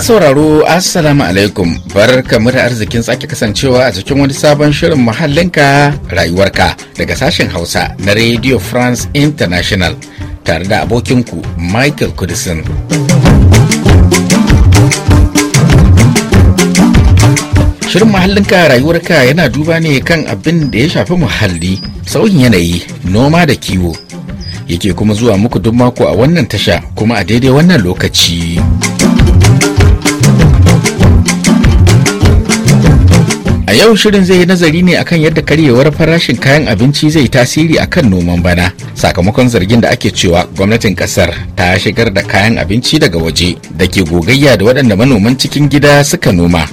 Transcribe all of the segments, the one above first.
Masu sauraro Assalamu alaikum barkamu da arzikin sake kasancewa a cikin wani sabon shirin muhallinka rayuwarka daga sashen Hausa na Radio France International tare da abokinku Michael Kudisin. Shirin muhallinka rayuwarka yana duba ne kan abin da ya shafi muhalli, sauyin yanayi, noma da kiwo. Yake kuma zuwa muku duk mako a wannan tasha kuma a daidai wannan lokaci. A yau shirin zai yi nazari ne akan yadda karyewar farashin kayan abinci zai tasiri akan noman bana sakamakon zargin da ake cewa gwamnatin kasar ta shigar da kayan abinci daga waje da ke gogayya da waɗanda manoman cikin gida suka noma.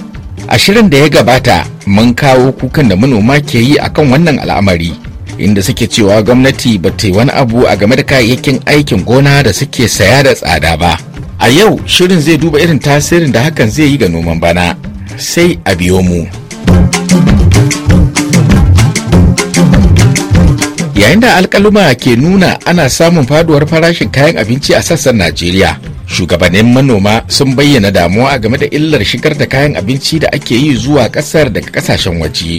A shirin da ya gabata mun kawo kukan da manoma ke yi akan wannan al'amari inda suke cewa gwamnati ba ta yi wani abu a game da kayayyakin aikin gona da suke saya da tsada ba. A yau shirin zai duba irin tasirin da hakan zai yi ga noman bana. Sai a biyo mu. yayin da alkaluma ke nuna ana samun faduwar farashin kayan abinci a sassan najeriya shugabannin manoma sun bayyana damuwa game da illar shigar da kayan abinci da ake yi zuwa kasar daga kasashen waje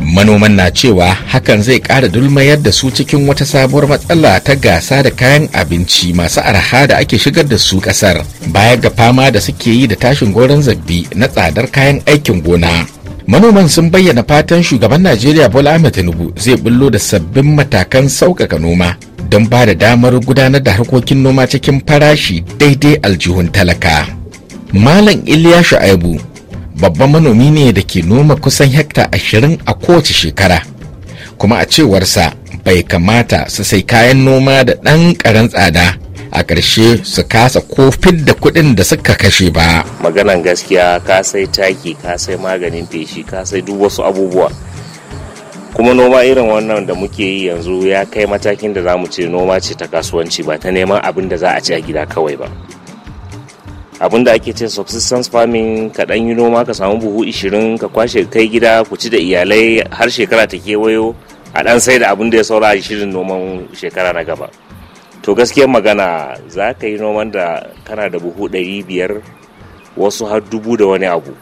manoman na cewa hakan zai ƙara dulmayar da su cikin wata sabuwar matsala ta gasa da kayan abinci masu arha da ake shigar da su ƙasar baya ga fama da suke yi da tashin goron zabbi na tsadar kayan aikin gona manoman sun bayyana fatan shugaban najeriya bola ahmed tinubu zai bullo da sabbin matakan sauƙaƙa noma don ba da damar gudanar da harkokin noma cikin farashi daidai aljihun talaka malam iliya shu'aibu babban manomi ne da ke noma kusan hekta ashirin a kowace shekara kuma a cewarsa bai kamata su sai kayan noma da ɗan ƙaran tsada a ƙarshe su kasa kofin da kuɗin da suka kashe ba maganan gaskiya ka sai taki ka sai maganin feshi ka sai duk wasu abubuwa kuma noma irin wannan da muke yi yanzu ya kai matakin da za mu ce noma ce ta kasuwanci ba ta neman abin da za a ci a gida kawai ba abin da ake ce subsistence farming ka ɗan yi noma ka samu buhu 20 ka kwashe kai gida ku ci da iyalai har shekara ta kewayo a ɗan sai da abin da ya saura shirin noman shekara na gaba to gaskiyar magana za ka yi noman da kana da buhu ɗari biyar wasu har dubu da wani abu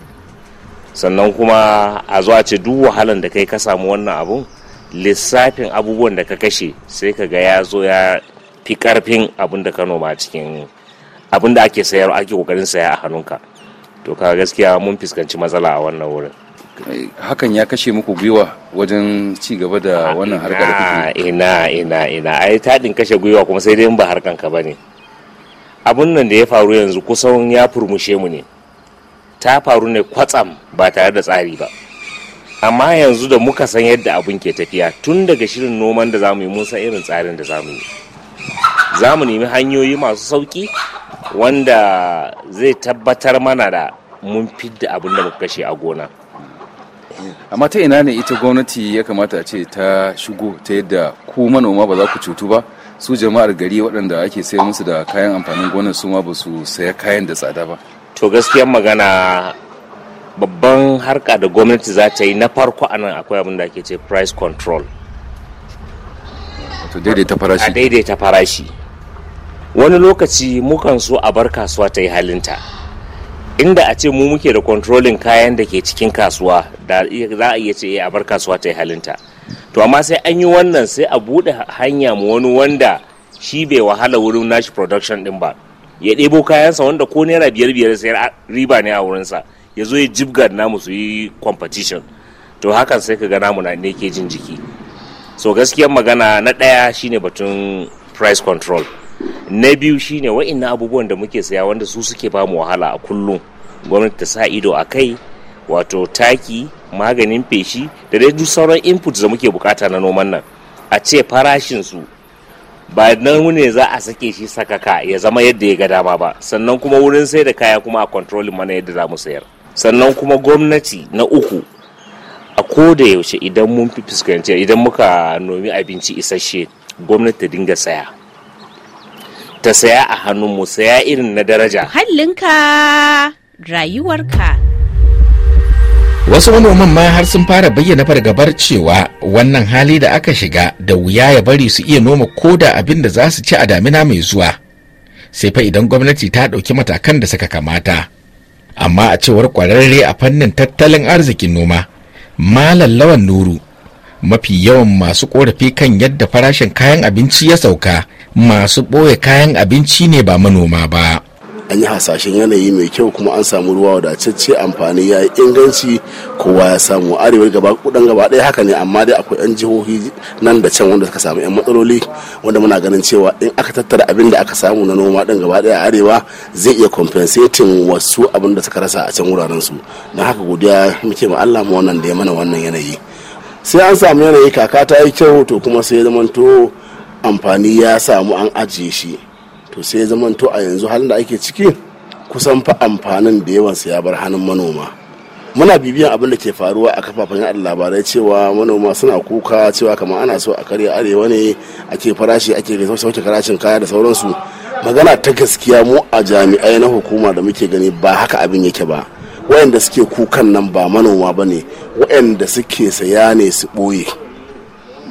sannan kuma a zuwa ce duk wahalan da kai ka samu wannan abun lissafin abubuwan da ka kashe sai ka ga ya zo ya fi karfin abin da ka noma cikin abin da ake sayar ake kokarin saya a hannunka to ka gaskiya mun fuskanci matsala a wannan wurin hakan ya kashe muku gwiwa wajen ci gaba da wannan harkar da ina ina ina ai taɗin kashe gwiwa kuma sai dai in ba harkan ka bane abun nan da ya faru yanzu kusan ya furmushe mu ne ta faru ne kwatsam ba tare da tsari ba amma yanzu da muka san yadda abun ke tafiya tun daga shirin noman da zamu yi mun san irin tsarin da zamu yi za nemi hanyoyi masu sauki wanda zai tabbatar mana da mun fidda abin da muka kashe a gona amma ta ina ne ita gwamnati ya kamata ce ta shigo ta yadda ku manoma ba za ku cutu ba su jama'ar gari waɗanda ake sayar musu da kayan amfanin gonar su ma ba su saya kayan da tsada ba to gaskiyar magana babban harka da gwamnati za ta yi na farko anan akwai abin da ake ce price control a daidaita farashi wani lokaci mukan so a bar kasuwa ta yi halinta inda a ce mu muke da controlling kayan da ke cikin kasuwa da za a iya ce eh, a bar kasuwa ta yi halinta to amma sai an yi wannan sai a buɗe hanya mu wani wanda shi bai wahala wurin nashi production din ba ya ɗebo kayansa wanda ko naira biyar biyar sai riba ne a wurinsa ya zo ya jibgar namu su yi competition to hakan sai ka ga namu na ne ke jin jiki so gaskiyar magana na ɗaya shine batun price control na biyu shine wa'in abubuwan da muke saya wanda su suke bamu wahala a kullum gwamnati ta sa ido a kai wato taki maganin feshi da dai duk sauran input da muke bukata na noman nan a ce farashin su ba nan ne za a sake shi sakaka ya zama yadda ya ga dama ba sannan kuma wurin sai da kaya kuma a controlling mana yadda za mu sayar sannan kuma gwamnati na uku a ko da yaushe idan mun fi fuskanci idan muka nomi abinci isasshe gwamnati ta dinga saya ta saya a hannun mu saya irin na daraja hallinka rayuwarka. Wasu manoman ma har sun fara bayyana fargabar cewa wannan hali da aka shiga da wuya ya bari su iya noma koda abin da za su ci a damina mai zuwa. Sai fa idan gwamnati ta ɗauki matakan da suka kamata. Amma a cewar ƙwararre a fannin tattalin arzikin noma, Malam Lawan Nuru, mafi yawan masu ƙorafi kan yadda farashin kayan abinci ya sauka, masu ɓoye kayan abinci ne ba manoma ba. an yi hasashen yanayi mai kyau kuma an samu ruwa wadatacce amfani ya yi inganci kowa ya samu arewa gaba kudan gaba ɗaya haka ne amma dai akwai 'yan jihohi nan da can wanda suka samu 'yan matsaloli wanda muna ganin cewa in aka tattara abin da aka samu na noma ɗin gaba ɗaya arewa zai iya compensating wasu abin da suka rasa a can wuraren su na haka godiya muke ma Allah mu wannan da ya mana wannan yanayi sai an samu yanayi kaka ta yi kyau to kuma sai ya zamanto amfani ya samu an ajiye shi to sai ya to a yanzu halin da ake ciki kusan fa amfanin da yawan ya bar hannun manoma muna bibiyan abin da ke faruwa a kafafen yada labarai cewa manoma suna kuka cewa kamar ana so a karya arewa ne ake farashi ake sauke farashin kaya da sauransu magana ta gaskiya mu a jami'ai na hukuma da muke gani ba haka abin yake ba wayanda suke kukan nan ba manoma ba ne wayanda suke saya ne su ɓoye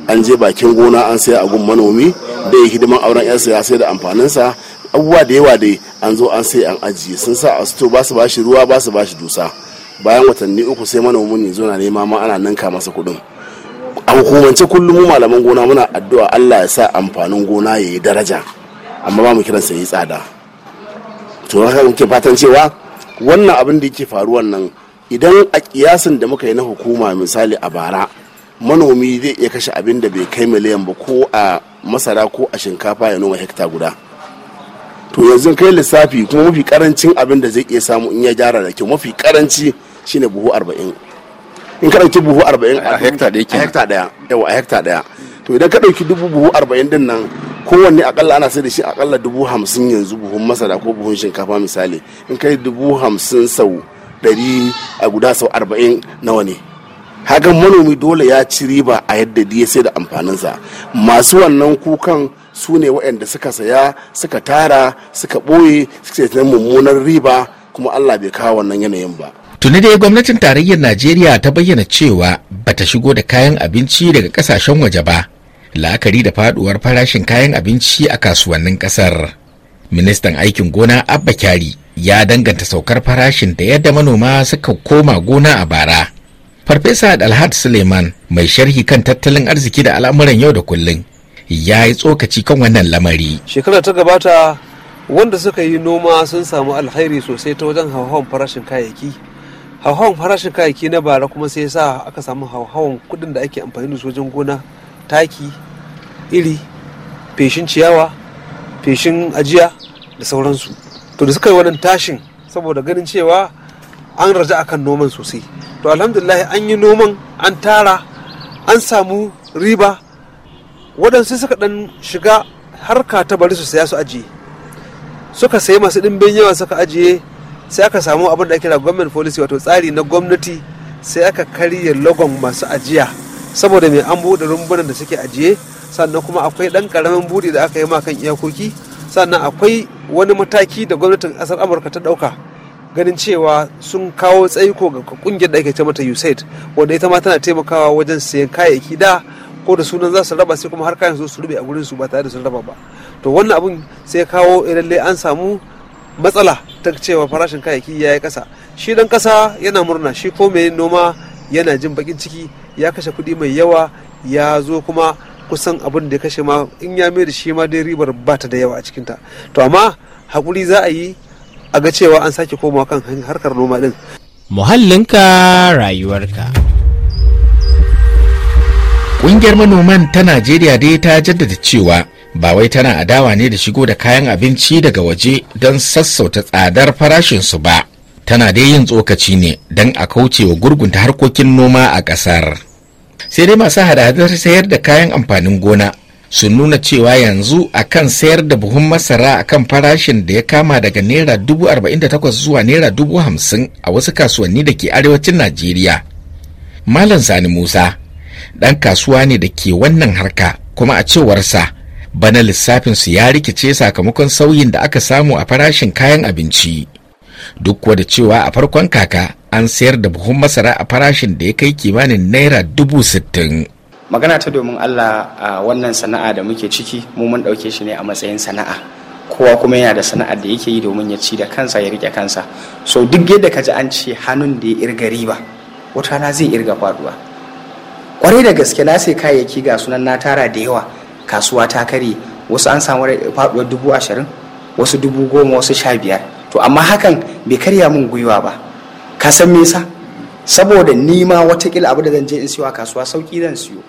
an je bakin gona an sai a gun manomi da ya hidiman auren yarsa ya sai da amfaninsa abubuwa da yawa dai an zo an sai an ajiye sun sa a sito ba su bashi ruwa ba su bashi dusa bayan watanni uku sai manomin ya zo na nema ma ana ninka masa kuɗin a hukumance kullum mu malaman gona muna addu'a Allah ya sa amfanin gona ya yi daraja amma ba mu kiran sa yi tsada to haka muke fatan cewa wannan abin da yake faruwan nan idan a kiyasin da muka yi na hukuma misali a bara manomi zai iya kashe abin da bai kai miliyan ba ko a masara ko a shinkafa ya noma hekta guda to yanzu kai lissafi kuma mafi karancin abin da zai iya samu in ya gyara da kyau mafi karanci shine buhu arba'in in ka dauki buhu arba'in a hekta ɗaya a hekta daya yawa a hekta daya to idan ka dauki dubu buhu arba'in din nan kowanne akalla ana sai da shi akalla dubu hamsin yanzu buhun masara ko buhun shinkafa misali in kai dubu hamsin sau ɗari a guda sau arba'in nawa ne hagan manomi dole ya ci riba a yadda ya sai da amfaninsa masu wannan kukan su ne waɗanda suka saya suka tara suka ɓoye suka sai mummunar riba kuma allah bai kawo wannan yanayin ba tuni dai gwamnatin tarayyar najeriya ta bayyana cewa bata shigo da kayan abinci daga kasashen waje ba la'akari da faduwar farashin kayan abinci a kasuwannin kasar ministan aikin gona abba kyari ya danganta saukar farashin da yadda manoma suka koma gona a bara Farfesa Alhad Suleiman mai sharhi kan tattalin arziki da al'amuran yau da kullum ya yi tsokaci kan wannan lamari. Shekarar ta gabata wanda suka yi noma sun samu alkhairi sosai ta wajen hauhawan farashin kayayyaki. Hauhawan farashin kayayyaki na bara kuma sai sa aka samu hauhawan kuɗin da ake amfani da su wajen gona, taki, iri, feshin ciyawa, feshin ajiya da sauransu. To da suka yi wannan tashin saboda ganin cewa an raja akan noman sosai. to alhamdulillah an yi noman an tara an samu riba waɗansu suka ɗan shiga harka ta bari su saya su ajiye suka sayi masu ɗimbin yawa suka ajiye sai aka samu abin da ake kira government policy wato tsari na gwamnati sai aka karya logon masu ajiya saboda mai an buɗe rumbunan da suke ajiye sannan kuma akwai ɗan ƙaramin buɗe da aka yi ma kan iyakoki sannan akwai wani mataki da gwamnatin ƙasar amurka ta ɗauka ganin cewa sun kawo tsaiko ga kungiyar da ake ce mata USAID wanda ita ma tana taimakawa wajen sayan kayayyaki da ko da sunan za su raba sai kuma har kayan su rube a gurin su ba tare da sun raba ba to wannan abun sai kawo eh, lalle an samu matsala ta cewa farashin kayayyaki ya yi kasa shi dan kasa yana murna shi ko mai noma yana jin bakin ciki ya kashe kuɗi mai yawa ya zo kuma kusan abin da ya kashe ma in ya mai da shi ma dai ribar ba ta da yawa a cikinta to amma hakuri za a yi a ga cewa an sake komawa kan harkar noma din muhallinka rayuwarka Ƙungiyar manoman ta Najeriya dai ta jaddada cewa ba wai tana adawa ne da shigo da kayan abinci daga waje don sassauta tsadar farashinsu ba. Tana dai yin tsokaci ne don a kauce wa gurgunta harkokin noma a ƙasar. Sai dai masu hada-hadar sayar da kayan amfanin gona su nuna cewa yanzu a kan sayar da buhun masara a kan farashin da ya kama daga naira dubu arba'in da takwas zuwa naira dubu hamsin a wasu kasuwanni da ke arewacin najeriya malam sani musa ɗan kasuwa ne da ke wannan harka kuma a cewarsa bana lissafin su ya rikice sakamakon sauyin da aka samu a farashin kayan abinci duk kuwa da cewa a farkon kaka an sayar da buhun masara a farashin da ya kai kimanin naira dubu sittin magana ta domin allah a wannan sana'a da muke ciki mu mun ɗauke shi ne a matsayin sana'a kowa kuma yana da sana'ar da yake yi domin ya ci da kansa ya rike kansa so duk yadda ka ji an ce hannun da ya irga riba wata rana zai irga faduwa kwarai da gaske na sai kayayyaki ga sunan na tara da yawa kasuwa ta kare wasu an samu faduwar dubu ashirin wasu dubu goma wasu sha biyar to amma hakan bai karya min gwiwa ba ka san me yasa saboda nima watakila abu da zan je in siyo a kasuwa sauki zan siyo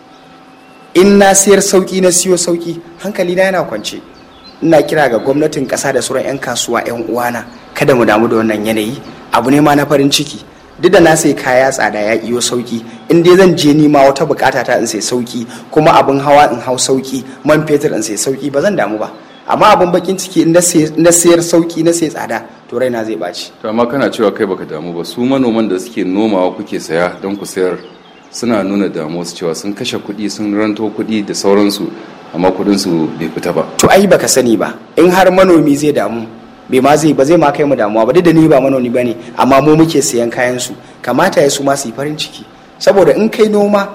in na sayar sauki na siyo sauki hankali na yana kwance ina kira ga gwamnatin ƙasa da sauran 'yan kasuwa 'yan uwana kada mu damu da wannan yanayi abu ne ma na farin ciki duk da na sai kaya tsada ya iyo sauki in dai zan je nima wata bukata ta in sai sauki kuma abin hawa in hau sauki man fetur in sai sauki ba zan damu ba amma abin bakin ciki in na sayar sauki na sai tsada to raina zai baci to amma kana cewa kai baka damu ba su manoman da suke nomawa kuke saya don ku sayar suna nuna su cewa sun kashe kuɗi sun ranto kuɗi da sauransu amma kuɗinsu bai fita ba to ai baka sani ba in har manomi zai damu bai ma zai ba zai ma kai mu damuwa ba duk da ni ba manomi bane amma mu muke sayan kayan su kamata ya su ma su yi farin ciki saboda in kai noma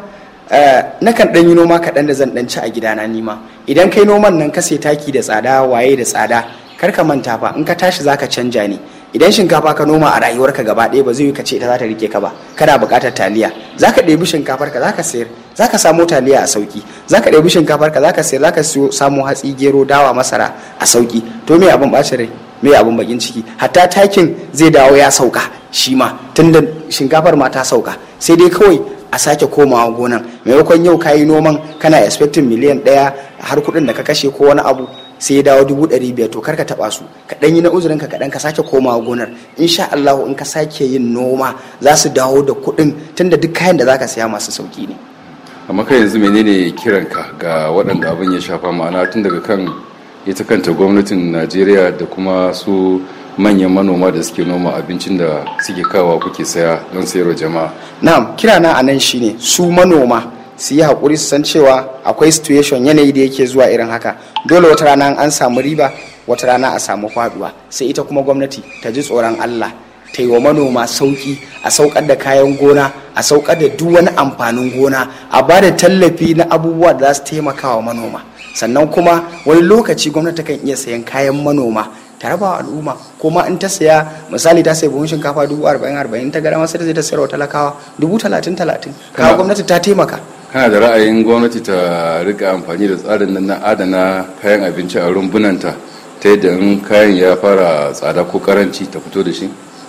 eh, nakan ɗan yi noma kaɗan da zan ɗanci a gidana ma, idan kai noman nan ka sai taki da tsada waye da tsada kar ka manta fa in ka tashi zaka canja ne idan shinkafa ka noma a rayuwarka gaba ɗaya ba zai yi ka ce ita za ta rike ka ba kana buƙatar taliya za ka ɗebi shinkafar ka za ka sayar za ka samo taliya a sauki za ka ɗebi shinkafar ka za ka sayar za ka samo hatsi gero dawa masara a sauki to me abin ɓacin rai me abin bakin ciki hatta takin zai dawo ya sauka shi ma tunda shinkafar ma ta sauka sai dai kawai a sake komawa gonan maimakon yau kayi noman kana expecting miliyan ɗaya har kuɗin da ka kashe ko wani abu sai ya dawo dubu ɗari biyar to karka taɓa su kaɗan yi na uzurinka ka ɗan ka sake komawa gonar insha Allah in ka sake yin noma za su dawo da kuɗin tunda duk kayan da zaka saya masu sauki ne amma kai yanzu menene kiranka ga waɗanda abin ya shafa ma'ana tun daga kan ita kanta gwamnatin Najeriya da kuma su manyan manoma da suke noma abincin da suke kawa kuke saya don sayarwa jama'a na'am kirana anan shine su manoma su yi haƙuri su san cewa akwai situation yanayi da yake zuwa irin haka dole wata rana an samu riba wata rana a samu faduwa sai ita kuma gwamnati ta ji tsoron allah ta yi wa manoma sauki a saukar da kayan gona a saukar da duk wani amfanin gona a ba da tallafi na abubuwa da za su taimaka wa manoma sannan kuma wani lokaci gwamnati kan iya sayan kayan manoma ta raba wa al'umma kuma in ta saya misali ta sayi buhun shinkafa dubu arba'in arba'in ta gara masu da zai ta wa talakawa dubu talatin talatin kawo gwamnati ta taimaka kana da ra'ayin gwamnati ta rika amfani da tsarin nan na adana kayan abinci a rumbunanta ta yadda in kayan ya fara tsada ko karanci ta fito da shi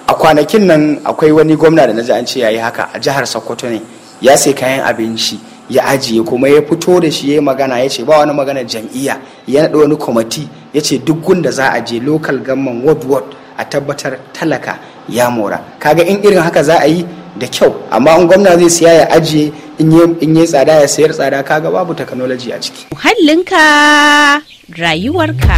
a kwanakin nan akwai wani gwamna da na ji an ce yayi haka a jihar sokoto ne ya sai kayan abinci ya ajiye kuma ya fito da shi ya magana ya ce ba wani magana jam'iyya ya naɗa wani kwamati ya ce duk gunda za a je local government ward ward a tabbatar talaka ya mora kaga in irin haka za a yi da kyau amma in gwamna zai siya ya ajiye in yi tsada ya sayar tsada kaga babu technology a ciki muhallinka rayuwarka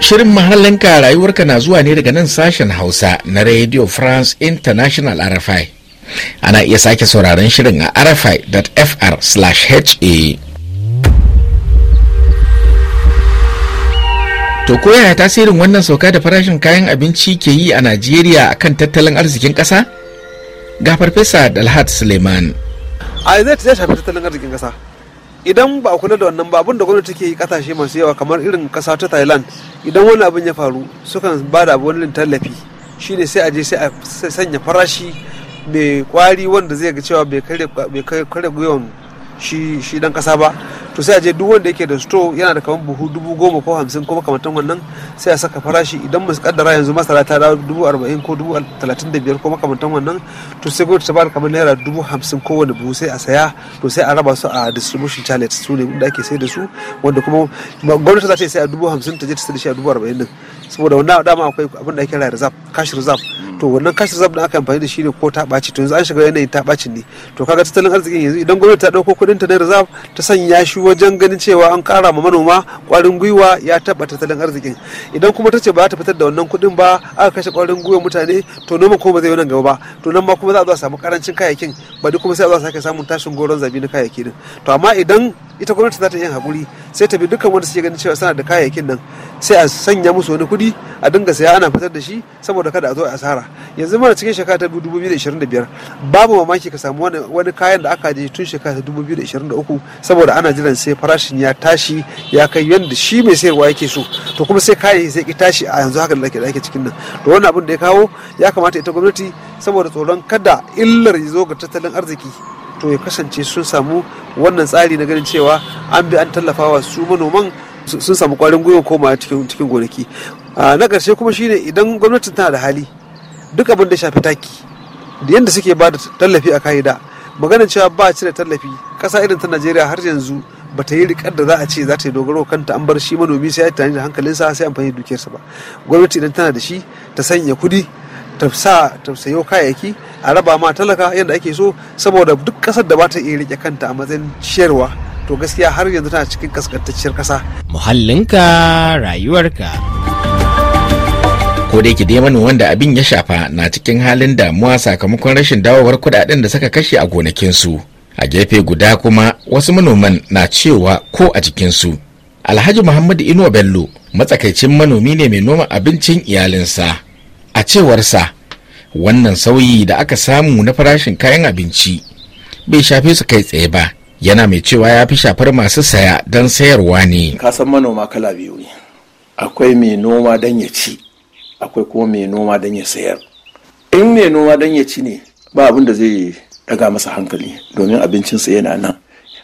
Shirin muhallinka rayuwarka na zuwa ne daga nan sashen Hausa na Radio France International RFI. Ana iya sake sauraron shirin a rfi.fr/ha. To ko yaya tasirin wannan sauka da farashin kayan abinci ke yi a Najeriya akan tattalin arzikin ƙasa? Ga Farfesa Dalhat Suleiman. A zai ta shafi tattalin arzikin ƙasa. Idan ba a kula da wannan ba abin da gwamnati ke yi ƙasashe masu yawa kamar irin ƙasa ta Thailand idan wani abin ya faru sukan ba da wani tallafi shine sai a je sai a sanya farashi mai kwari wanda zai ga cewa bai kare gwiwan shi dan ƙasa ba to sai a je duk wanda yake da store yana da kamar buhu dubu goma ko hamsin ko makamantan wannan sai a saka farashi idan mu kaddara yanzu masara ta dawo dubu arba'in ko dubu talatin da biyar ko makamantan wannan to sai gwamnati ta bada kamar naira dubu hamsin ko wani buhu sai a saya to sai a raba su a distribution challenge su ne da ake sai da su wanda kuma gwamnati za ta sai a dubu hamsin ta je ta sai da shi a dubu arba'in din saboda wannan dama akwai abin da ake kira reserve cash reserve to wannan cash reserve da aka amfani da shi ne ko ta ɓaci to yanzu an shiga yanayin ta ɓacin ne to kaga tattalin arzikin yanzu idan gwamnati ta ɗauko kuɗin ta na reserve ta sanya shi wajen ganin cewa an kara ma manoma kwarin gwiwa ya taɓa tattalin arzikin idan kuma ta ce ba ta fitar da wannan kuɗin ba aka kashe kwarin gwiwa mutane to noma ko ba zai nan gaba ba to nan ma kuma za a zo a samu karancin kayayyakin ba duk kuma sai a zo a sake samun tashin goron zabi na kayayyaki din to amma idan ita gwamnati za ta yi hakuri sai ta bi dukkan wanda suke ganin cewa suna da kayayyakin nan sai a sanya musu wani kudi a dinga saya ana fitar da shi saboda kada a zo a asara yanzu mana cikin shekara ta 2025 babu mamaki ka samu wani kayan da aka je tun shekara ta 2023 saboda ana jiran sai farashin ya tashi ya kai yadda shi mai sayarwa yake so to kuma sai kayan sai ki tashi a yanzu haka da ake cikin nan to wannan abin da ya kawo ya kamata ita gwamnati saboda tsoron kada illar ya zo ga tattalin arziki to ya kasance sun samu wannan tsari na ganin cewa an bi an tallafawa su manoman sun samu kwarin gwiwa koma cikin cikin gonaki na ƙarshe kuma shine idan gwamnatin tana da hali duk abin da shafi taki da yadda suke ba da tallafi a ka'ida maganin cewa ba ci da tallafi ƙasa irin ta najeriya har yanzu ba ta yi rikar da za a ce za ta yi dogaro kanta an bar shi manomi sai ya tunani da hankalinsa sai amfani da dukiyarsa ba gwamnati idan tana da shi ta sanya kudi ta sa ta sayo kayayyaki a raba ma talaka yadda ake so saboda duk ƙasar da ba ta iya rike kanta a matsayin ciyarwa to gaskiya har yanzu tana cikin kaskantacciyar kasa muhallinka rayuwarka ko da yake dai manoman da abin ya shafa na cikin halin damuwa sakamakon rashin dawowar kuɗaɗen da suka kashe a gonakinsu a gefe guda kuma wasu manoman na cewa ko a jikinsu alhaji muhammadu inuwa bello matsakaicin manomi ne mai noma abincin iyalinsa a cewarsa wannan sauyi da aka samu na farashin kayan abinci bai shafe su kai tsaye ba yana mai cewa ya fi shafar masu saya don sayarwa ne kasan manoma kala biyu ne akwai mai noma don ya ci akwai kuma mai noma don ya sayar in mai noma don ya ci ne ba abin da zai daga masa hankali domin abincinsa yana nan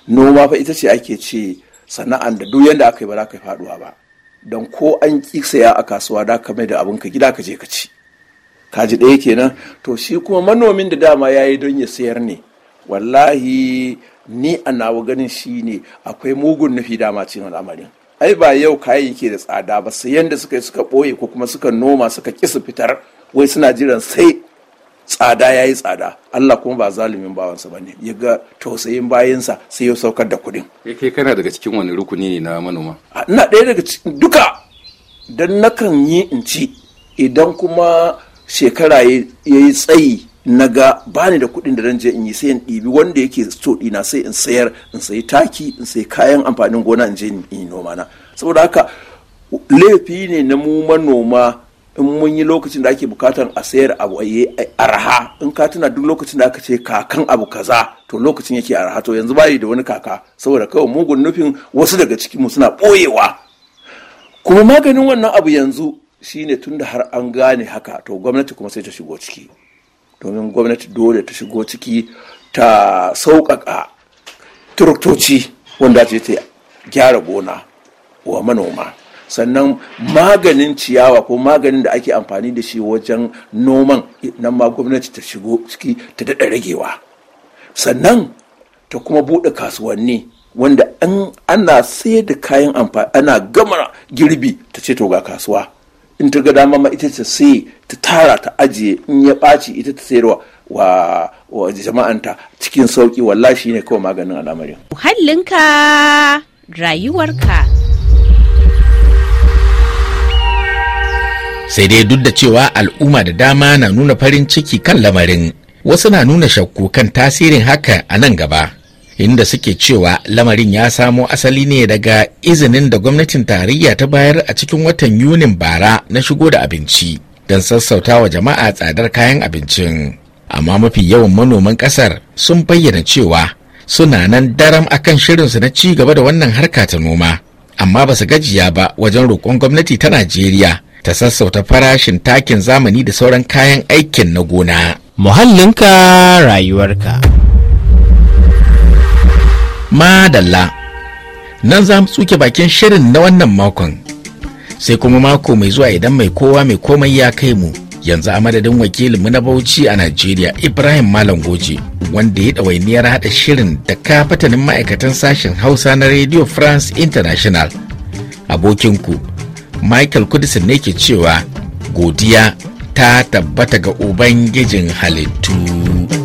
noma fa ita ce ake ce sana'an da duk yadda aka yi ba za ka yi faduwa ba don ko an ƙi saya a kasuwa da ka mai da abin ka gida ka je ka ci Ka ji ɗaya kenan to shi kuma manomin da dama ya yi don ya sayar ne wallahi ni a nawa ganin shi ne akwai mugun nufi dama cikin al'amarin ai ba yau kayayyaki da tsada ba sayan da suka yi suka ɓoye ko kuma suka noma suka ƙi su fitar wai suna jiran sai tsada ya yi tsada Allah kuma ba zalumin bawansa ba ne ya ga tausayin bayansa sai ya saukar da kuɗin. kai kana daga cikin wani rukuni ne na manoma ina ɗaya daga cikin duka don nakan yi in ci idan kuma shekara ya yi tsayi na ga bani da kuɗin da zan je in yi sai in ɗibi wanda yake so ɗina sai in sayar in sayi taki in sayi kayan amfanin gona in je in yi noma na saboda haka laifi ne na mu manoma in mun yi lokacin da ake bukatar a sayar abu a yi arha in ka tuna duk lokacin da aka ce kakan abu kaza to lokacin yake arha to yanzu bayi da wani kaka saboda kawai mugun nufin wasu daga cikin mu suna ɓoyewa. kuma maganin wannan abu yanzu shine tunda har an gane haka to gwamnati kuma sai ta shigo ciki domin gwamnati dole ta shigo ciki ta sauƙaƙa turktoci wanda ce ta gyara gona wa manoma sannan maganin ciyawa ko maganin da ake amfani da shi wajen noman nan ma gwamnati ta shigo ciki ta daɗa ragewa sannan ta kuma buɗe kasuwanni wanda ana sayar da kayan amfani ana gama girbi ta ce to ga kasuwa in ta ga dama ma ita ce sai ta tara ta ajiye in ya ɓaci ita ta sayarwa wa wa jama'anta cikin sauki wallahi shine kawai maganin al'amarin muhallinka rayuwarka sai dai duk da cewa al'umma da dama na nuna farin ciki kan lamarin wasu na nuna shakku kan tasirin haka a nan gaba inda suke cewa lamarin ya samo asali ne daga izinin da gwamnatin tarayya ta bayar a cikin watan yunin bara na shigo da abinci don sassauta wa jama'a tsadar kayan abincin amma mafi yawan manoman kasar sun bayyana cewa suna nan daram akan shirinsu na ci gaba da wannan harka ta noma amma ba su gajiya ba wajen roƙon gwamnati ta najeriya ta sassauta farashin takin zamani da sauran kayan aikin na gona muhallinka rayuwarka madalla nan za mu tsuke bakin shirin na wannan makon sai kuma mako mai zuwa idan mai kowa mai komai ya kai mu yanzu a madadin mu na bauchi a najeriya ibrahim malam goje wanda ya ɗawainiyar haɗa shirin da kafatanin ma'aikatan sashen hausa na radio france international abokinku michael kudisin ne ke cewa godiya ta tabbata ga ubangijin halittu